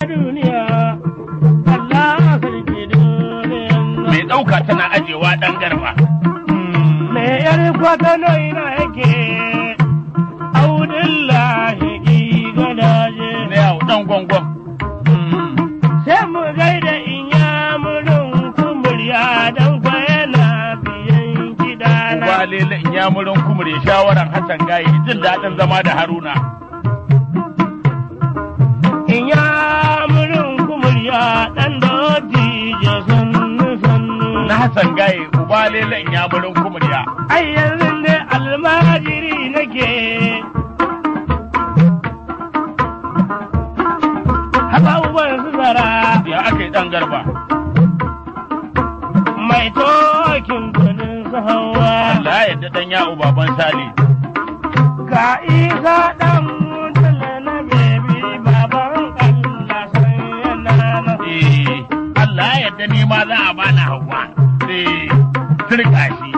Mai ɗauka tana ajewa ɗan garba. Me ‘yar kwata ina yake, audin lahi gadaje. Mai hau ɗan Sai mu gaida in ya murin kumuriya don kwayana biyan gidana. Wa lele in ya murin kumuri shawaran Hassan Gaye jin daɗin zama da Haruna. sangaye uba lelen ya barin kumuriya. Ai yanzu ne almajiri nake. Haka uban su zara. Ya aka yi ɗan garba. Mai tokin kunin su Allah ya daɗan ya ban sali. Ka isa ɗan turka shi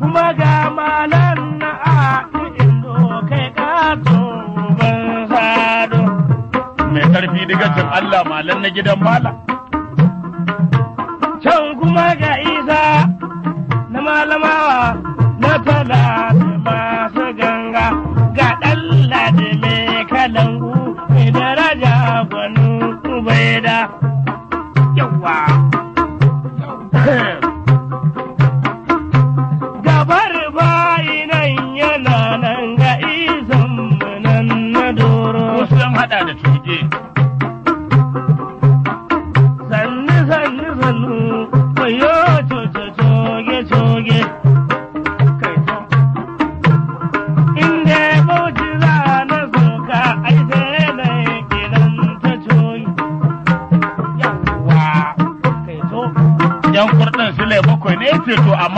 kuma ga malan na a indo kai kato ban sado mai karfi daga can Allah malan na gidan mala can kuma ga isa na malamawa na tala masu ganga ga ɗan ladi mai kalangu mai daraja gwani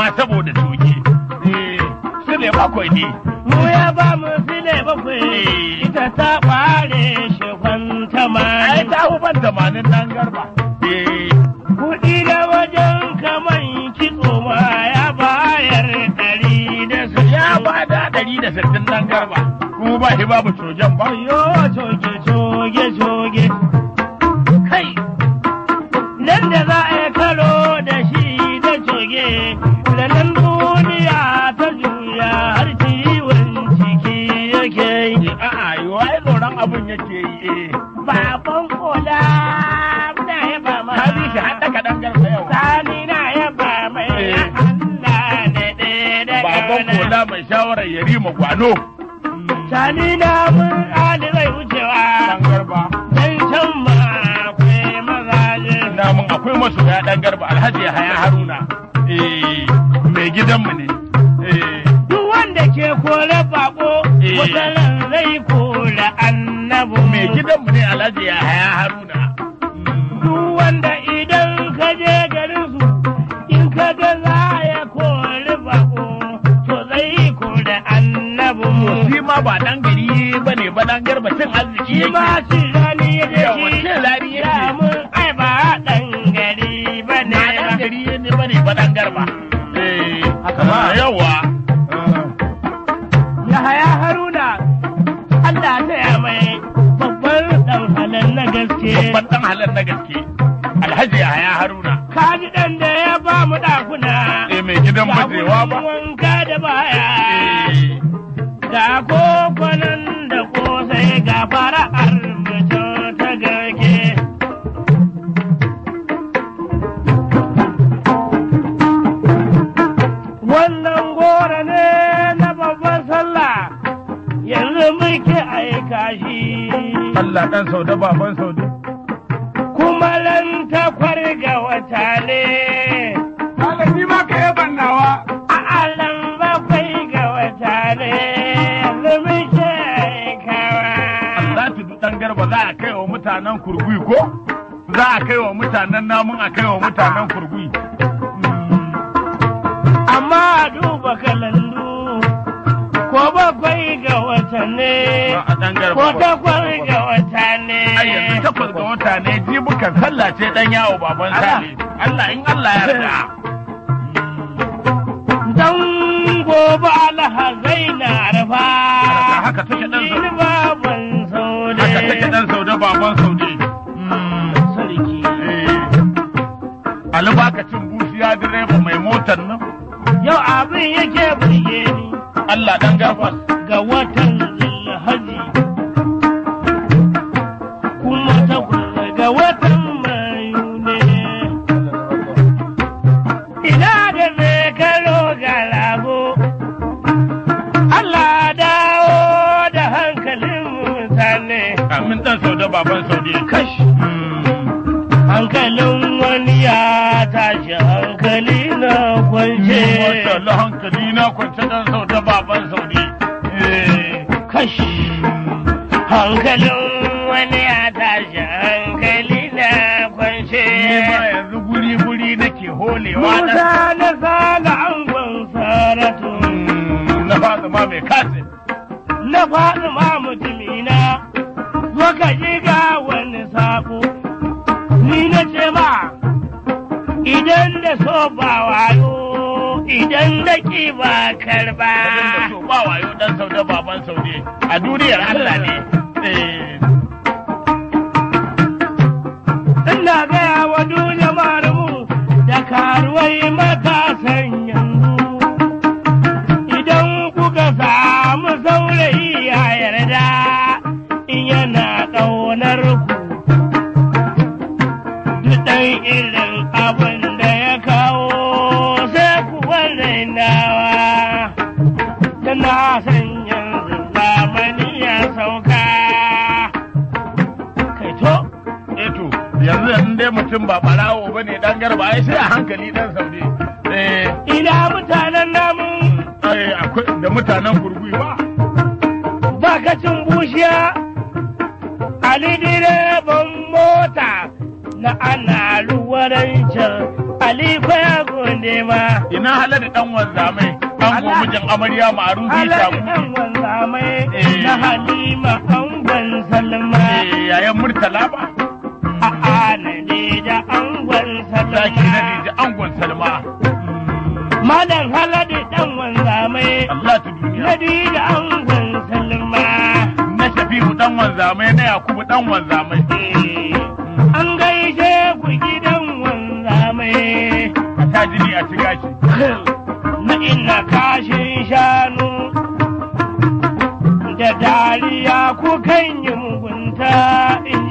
amma saboda soki. Eh, sile bakwai ne. Mu ya ba mu sile bakwai ita ta ɓare shi ma. Ai ta hu ban manin nan garba. Eh. Kuɗi da wajen kaman kitso ma ya bayar ɗari da su. Ya ba da ɗari da sittin nan garba. Ku ba shi babu sojan ba. Yo! baban ola na yaba ma kaji shi hada kadan garsa yau sani na yaba mai eh. Allah ne da baban ola mai shawarar yari gwano sani na mun ali zai wucewa dan can ma akwai mazaje na mun akwai masu ya dan garba alhaji ya haya haruna eh mai gidanmu ne eh. duk wanda ke kore bako eh. wata Mai mai mu ne alhaji ya haruna. Duk wanda idan ka je garin su in ka ga za ya kori bako to zai kori annabu. Shi ma ba dan gari ba ne ba dan garba cin arziki yake. mahallar na gaske alhaji a ya haruna ka ji dan da ya ba mu dakuna eh mai gidan bajewa ba wanka da baya eh. ga kokonan da kosai ga fara'ar mutum ta garke wannan gora ne na Allah ɗan sau da babansa bare lumshe kawa. Za ta dan garba za a kai wa mutanen kurgui ko? Za a kai wa mutanen namun a kai wa mutanen kurgui. Amma a duba kalandu ko bakwai ga wata ne ko takwas ga wata ne. Ai yanzu takwas ga wata ne jibukan sallah ce dan yawo baban sale. Allah in Allah ya rada. gobe alhazai na arfa haka take baban saude haka take baban direba hmm, eh. mai motar nan yau abin yake burge ni Allah dan gafas. ga wata Masha hankali na kwance dan sau da baban saudi. Kashi hankalin wani ya tashi hankali na kwance. Ni ba yanzu guri-guri nake holewa. na Musa na sala an gwan saratu. Na fata ma mai kasin. Na fata ma mutumina. Waka ji ga wani sabo. Ni na ce ma idan da so ba wayo. idan na ki ba karba. Ba wayo dan sauda baban saude a duniyar Allah ne. Eh. dawa tana san yanzu zamani ya sauka kai to eto yanzu yanzu dai mutum ba barawo ba ne dan garba ai sai a hankali dan Eh. ina mutanen namu akwai da mutanen gurgui ba ba ka cin bushiya ali direban mota na ana ruwarancin Ali ko ya gode ma. Ina halar dan wanzamai. An ko mijin amarya ma'arufi ta mu. Halar dan wanzamai eh. na Halima an ban Salma. Eh, yayan Murtala ba. A'a na da an gwan Salma. Zaki na da an gwan Salma. Hmm. Malam haladi dan wanzamai. Allah ta duniya. Na da an gwan Salma. Na Shafi'u dan wanzamai na Yakubu dan wanzamai. Eh. sa jini a shiga shi na ina kashin shanu da dariya ku kan yi mugunta in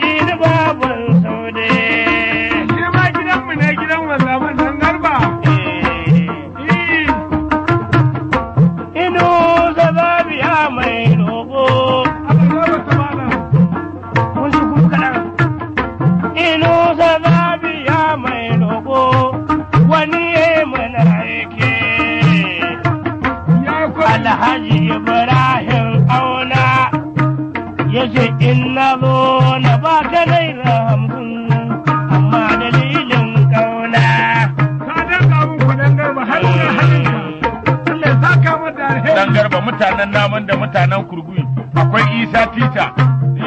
akwai isa tita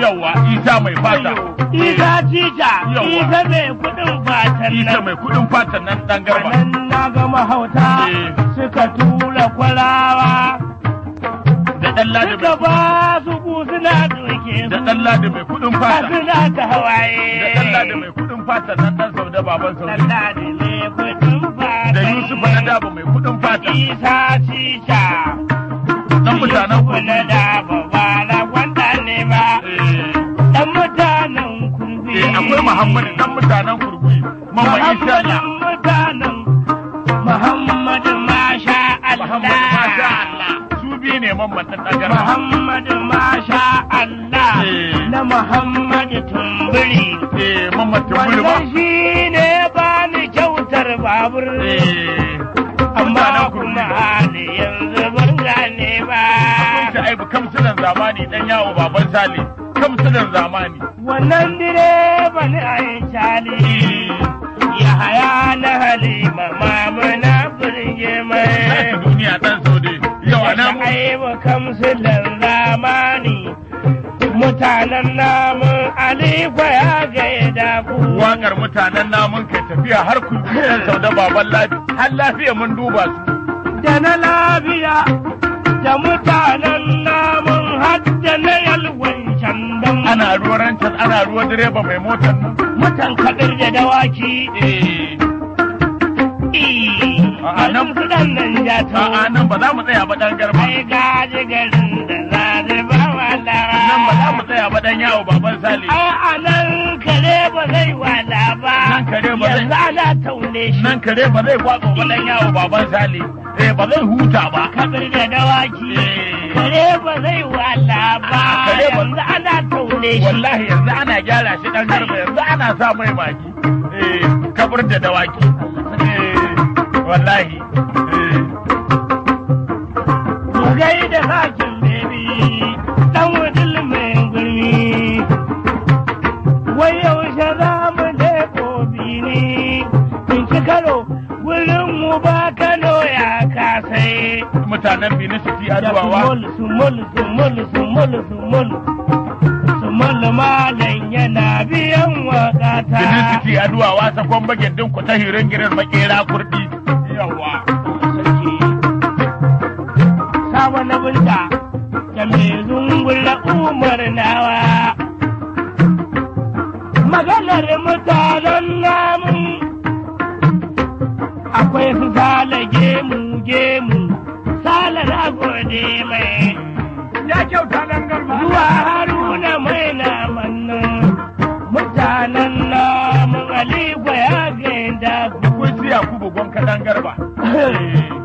yawa isa mai fata isa tita isa mai kudin fatan nan isa mai kudin fatan nan dan garba nan na ga mahauta eh. suka tura kwalawa da dan ladi suka ba su suna doke da dan ladi mai kudin fata suna ta hawaye da dan ladi mai kudin fata nan dan sauda baban sauda dan ladi mai kudin fata da yusuf na daba mai kudin fata isa tita dan mutanen kudin daba Muhammadu dan mutanen kurkuyi. Mamman mutanen Muhammadu masha Allah. Allah. Su biyu ne Muhammadu masha Allah. Eh. Na Muhammadu Tumburi. Eh, Tumburi ba. shi ne bani kyautar babur. Eh. kamsunan zamani dan yawo baban sale kamsunan zamani wannan direba ne a cali ya haya na halima mamuna burge mai duniya dan sode yawa na mu aiwa kamsunan zamani mutanen namun aliko ya gaida ku wakar mutanen namun kai tafiya har ku sau da baban Ladi. har lafiya mun duba su da na lafiya da mutanen ana ruwa direba mai motar nan. Mutan kaɗar da dawaki. A nan kudan nan ya ta. A nan ba za mu tsaya ba ɗan garba. Ai ji garin da zazi ba wala. Nan ba za mu tsaya ba ɗan yawo baban sali. Ai a nan kare ba zai wala ba. Nan kare ba zai. Yanzu ana taune shi. Nan kare ba zai kwatsa ba ɗan yawo baban sali. Eh ba zai huta ba. Kaɗar da dawaki. Eh. Kare ba zai wala ba. Kare ba zai ana ne wallahi yanzu ana gyara shi dan garba yanzu ana sa mai baki eh, kabur da dawaki eh, wallahi eh. gai da mai gurmi wai yaushe za mu je kobi ne in ci karo wurin mu ba kano ya kasai mutanen Benin su fi Sumul, sumul, sumul, sumul, sumul. waka ta Idris Aduwa wasa kon bagen din ku ta hirin girin makera kurdi yawa Sawa na bulta, da me zungulla Umar nawa Maganar mutanen namu akwai su sale gemu gemu sale na gode mai ya kyauta langar ba zuwa quero mais.